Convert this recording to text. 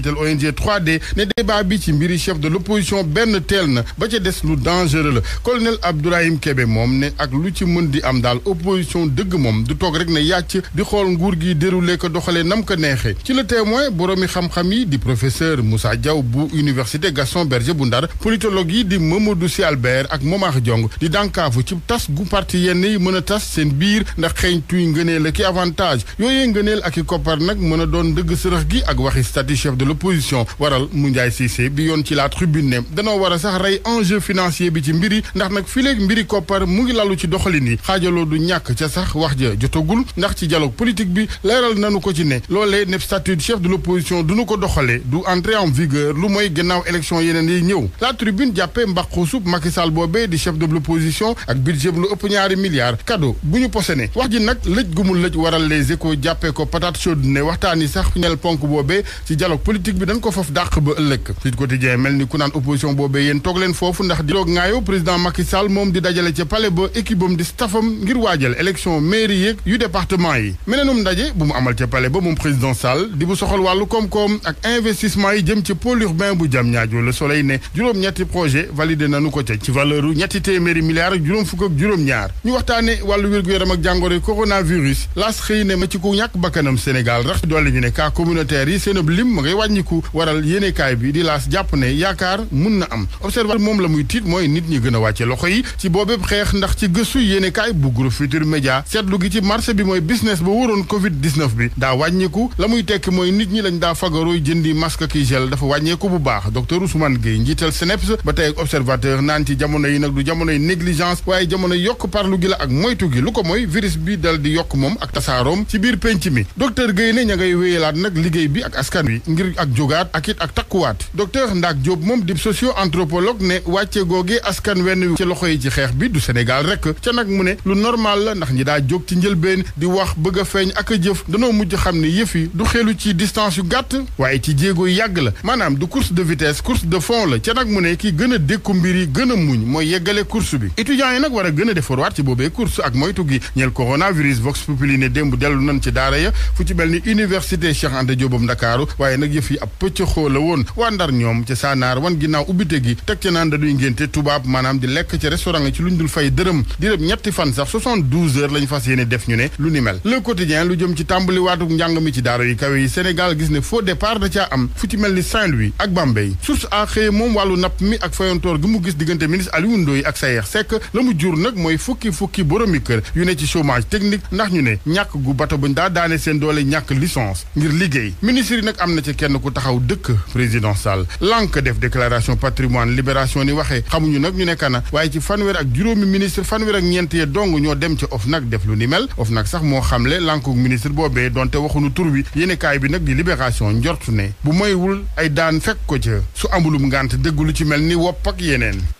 jiital ONG 3D ne débat bi ci mbiri chef de l'opposition benn teel na ba ca des lu dangereux la colonel Abdourahim Kébé moom ne ak lu ci mën di am daal opposition dëgg moom du toog rek ne yàcc di xool nguur gi déroulé ko doxalee nam ko neexee ci le témoin boroomi xam-xam yi di professeur musa jaw bu université Gaston Berger bu Ndar politologue yi di ma Mamadou Sy Albert ak Momar jong di dànkaafu ci tas gu parti yenn yi mën a tas seen biir ndax xeeñ tuy ngëneel ak i avantage yooyee ngëneel ak i koppar doon dëgg sërëx gi ak l'opposition waral Moundiaye Cissé bi yoon ci la tribune ne danoo war a sax rey enjeu financier bi ci mbiri ndax nag fileeg mbiri koppar mu ngi lalu ci doxalin yi xaajaloo du ñàkk ca sax wax ja jotagul ndax ci dialogue politique bi leeral nanu ko ci ne loolee ne statut de chef de l'opposition duñu ko doxalee du entrer en vigueur lu mooy gannaaw élection yeneen yi ñëw la tribune jàppee mbaqusub Macky Sall boobee di chef de l'opposition ak budget lu ëpp ñaari milliards cadeau bu ñu posene wax ji nag lëj gumul lëj waral les échos jàppee ko patate chaude ne waxtaan yi sax ñel ponk boobee ci dialogue politique bi dañ ko foofu dàq ba ëllëg Sud Quotidien mel ni ku naan opposition boobee yéen toog leen foofu ndax di doog ngaayo président Macky Sall moom di dajale ca palais ba équipe di staffam ngir waajal élection mairie yu département yi meneenum ndaje bu mu amal ca palais ba moom président Sall di bu soxal wàllu koom-koom ak investissement yi jëm ci pôle urbain bu jam ñaajo Le Soleil ne juróom-ñetti projet validé nanu ko ca ci valeur u ñetti téeméeri milliards ak juróom fukk ak juróom-ñaar ñu waxtaane wàllu wér-gu-yaram ak ma ci ku ñàkk bakkanam Sénégal yi wàññiku waral yéenekaay bi di laas jàpp ne yaakaar mën na am observateur moom la muy tiit mooy nit ñi gën a wàcce loxo yi ci boobépp xeex ndax ci gëstu yéenekaay bu groupe Futurs Médias seetlu gi ci marché bi mooy business ba waroon covid 19 bi daa wàññiku la muy tekki mooy nit ñi lañ daa fagarooy jëndi masque ki gel dafa wàññeeku bu baax docteur Ousmane Gueye njiital SNEPS ba tey observateur naan ci jamono yi nag du jamonoy négligence waaye jamono yokk parlu gi la ak moytu gi lu ko mooy virus bi dal di yokk moom ak tasaaroom ci biir penc mi docteur Gueye ne ña ngay wéyalaat nag liggéey bi ak askan wi ngir ak jógaat ak it ak takkuwaat docteur Ndak Diop moom dib socio anthropologue ne wàcce googe askan wenn ci loxo yi ci xeex bi du Sénégal rek ca nag mu ne lu normal la ndax ñi daa jog ci njëlbeen di wax bëgg a feeñ ak a jëf danoo mujj xam ne yëf yi du xelu ci distance yu gàtt waaye ci jéego yàgg la maanaam du course de vitesse course de fond la ca nag mu ne ki gën a dékku mbir yi gën a muñ mooy yeggale course bi étudiants yi nag war a gën a defarwaat ci boobee course ak moytu gi ñeel coronavirus vox ne démb dellu nañ ci daara ya fu ci mel ni université Cheikh Anta Diop Ndakaaru waaye fii ab pëccëxoo la woon waa ndar ñoom ca saanaar wan ginnaaw ubbite gi teg ca naan dañuy ngénte tubaab maanaam di lekk ci restaurant yi ci luñ dul fay dërëm di rëb ñetti fan sax 72 fas yéene def ñu ne lu ni mel le quotidien lu jëm ci tàmbali waatuk njàng mi ci daara yi kawe yi Sénégal gis ne faux départ da caa am fu ci mel ni Saint-Louis ak Bambey source a xëye moom wàllu napp mi ak fayantoor gi mu gis diggante ministre Aliou Ndoye ak Sayer Seck la fukki fukki boromi kër yu ne ci chômage technique ndax ñu ne ñàkk gu bato buñ daa daane seen doole ñàkk licence ngir liggéey ministre yi nag am na ku taxaw dëkk président Sall lànk def déclaration patrimoine libération ni waxee xamuñu nag ñu nekk na waaye ci fanweer ak juróomi ministre fanweer ak ñeent ya dong ñoo dem ca OFNAC def lu ni mel nag sax moo xamle lànkuk ministre boobee donte waxuñu tur wi yenekaay bi nag di libération njortu ne bu moywul ay daan fekk ko ca su amulum ngante dëgg lu ci mel ni wopp ak yeneen